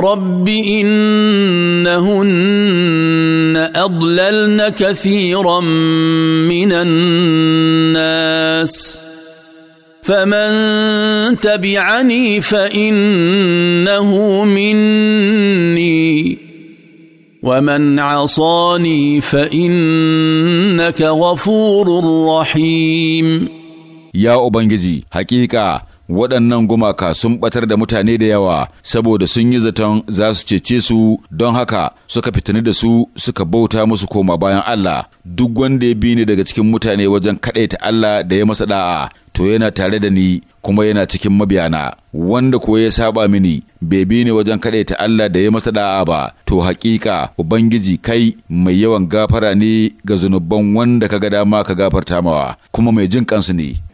رب إنهن أضللن كثيرا من الناس فمن تبعني فإنه مني ومن عصاني فإنك غفور رحيم يا أبنجي حقيقة waɗannan gumaka sun ɓatar da mutane da yawa saboda sun yi zaton za su cece su don haka suka fitini da su suka bauta musu koma bayan Allah duk wanda ya bi ni daga cikin mutane wajen kaɗaita Allah da ya masa da'a to yana tare da ni kuma yana cikin mabiyana wanda ko ya saba mini bai bi ni wajen kaɗaita Allah da ya masa da'a ba to haƙiƙa ubangiji kai mai yawan gafara ne ga zunuban wanda ka ga dama ka gafarta mawa kuma mai jin kansu ne